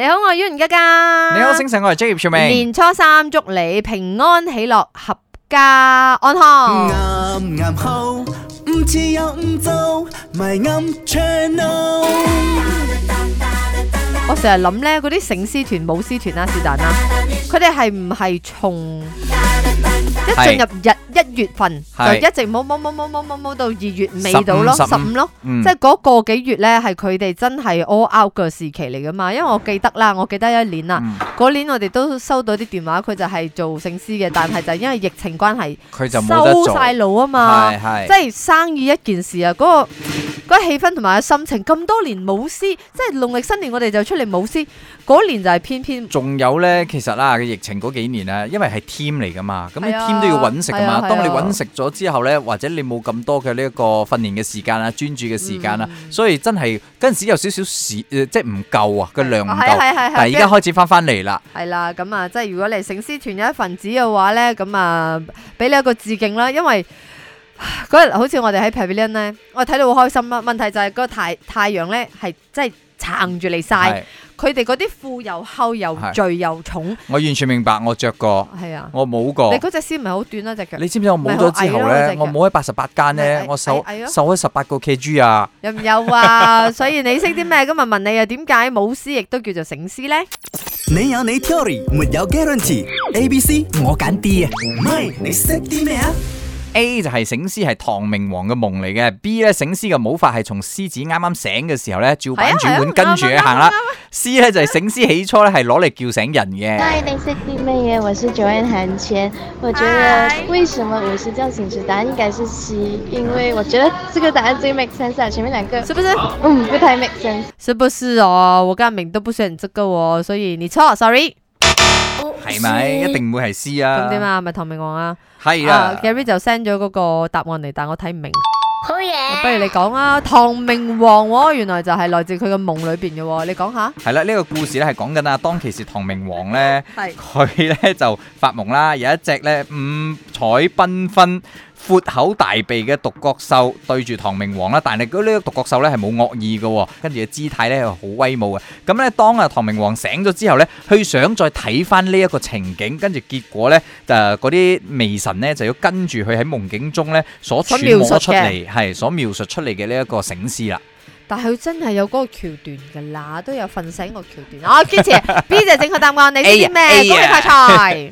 你好，我係袁嘉嘉。你好，星晨，我係職業傳媒。年初三祝你平安喜樂，合家安康。我成日諗咧，嗰啲醒獅團、舞獅團啦，是但啦，佢哋係唔係從？一進是入日一月份是就一直冇冇冇冇冇冇冇到二月尾度 15, 15, 咯，十五咯，即係嗰個幾月呢，係佢哋真係 all out 嘅時期嚟噶嘛，因為我記得啦，我記得一年啦，嗰、嗯、年我哋都收到啲電話，佢就係做醒獅嘅，但係就因為疫情關係，佢就冇得做嘛，即係生意一件事啊，嗰個。 個氣氛同埋心情，咁多年舞獅，即係農曆新年我哋就出嚟舞獅，嗰年就係偏偏。仲有咧，其實啊，嘅疫情嗰幾年啊，因為係 team 嚟噶嘛，咁啲 team 都要揾食噶嘛。當你揾食咗之後咧，或者你冇咁多嘅呢一個訓練嘅時間啊，專注嘅時間啦，所以真係嗰陣時有少少時，誒，即係唔夠啊，個量唔夠。但係而家開始翻翻嚟啦。係啦，咁啊，即係如果你醒獅團有一份子嘅話咧，咁啊，俾你一個致敬啦，因為。嗰日好似我哋喺 Pavilion 咧，我睇到好開心啊！問題就係個太太陽咧係真係撐住嚟晒，佢哋嗰啲褲又厚又聚又重。我完全明白，我着過，係啊，我冇過。你嗰隻絲唔係好短啊隻腳？你知唔知我冇咗之後咧？我冇喺八十八斤咧，我瘦瘦咗十八個 KG 啊！有唔有啊？所以你識啲咩？咁問問你啊，點解舞獅亦都叫做醒獅咧？你有你 theory，沒有 guarantee。A B C，我揀 D 啊！唔係你識啲咩啊？A 就係醒獅係唐明皇嘅夢嚟嘅，B 咧醒獅嘅舞法係從獅子啱啱醒嘅時候咧，照板煮碗跟住去行啦。C 咧就係醒獅起初咧係攞嚟叫醒人嘅。Hi 你識啲咩嘢？我是 Joanne 韓娟，我覺得為什麼我是叫醒獅？答案應該是 C，因為我覺得這個答案最 make sense 啊。前面兩個是不是？嗯，不太 make sense。是不是哦？我家明都不選這個哦，所以你錯，sorry。係咪？一定唔會係 C 啊？咁點啊？咪唐明皇啊？係啊，啊，Gary 就 send 咗嗰個答案嚟，但我睇唔明。好嘢像！不如你講啊，唐明皇、哦，原來就係來自佢嘅夢裏邊嘅、哦。你講下。係啦、啊，呢、這個故事咧係講緊啊，當其時唐明皇咧，係佢咧就發夢啦，有一隻咧五彩繽紛。闊口大鼻嘅獨角獸對住唐明皇啦，但係佢呢個獨角獸咧係冇惡意嘅，跟住嘅姿態咧係好威武嘅。咁咧當啊唐明皇醒咗之後咧，佢想再睇翻呢一個情景，跟住結果咧就嗰啲微神咧就要跟住佢喺夢境中咧所描述出嚟，係所描述出嚟嘅呢一個醒獅啦。但係佢真係有嗰個橋段噶啦，都有瞓醒個橋段。啊，主持 B 仔正確答案，你知未？恭喜發財！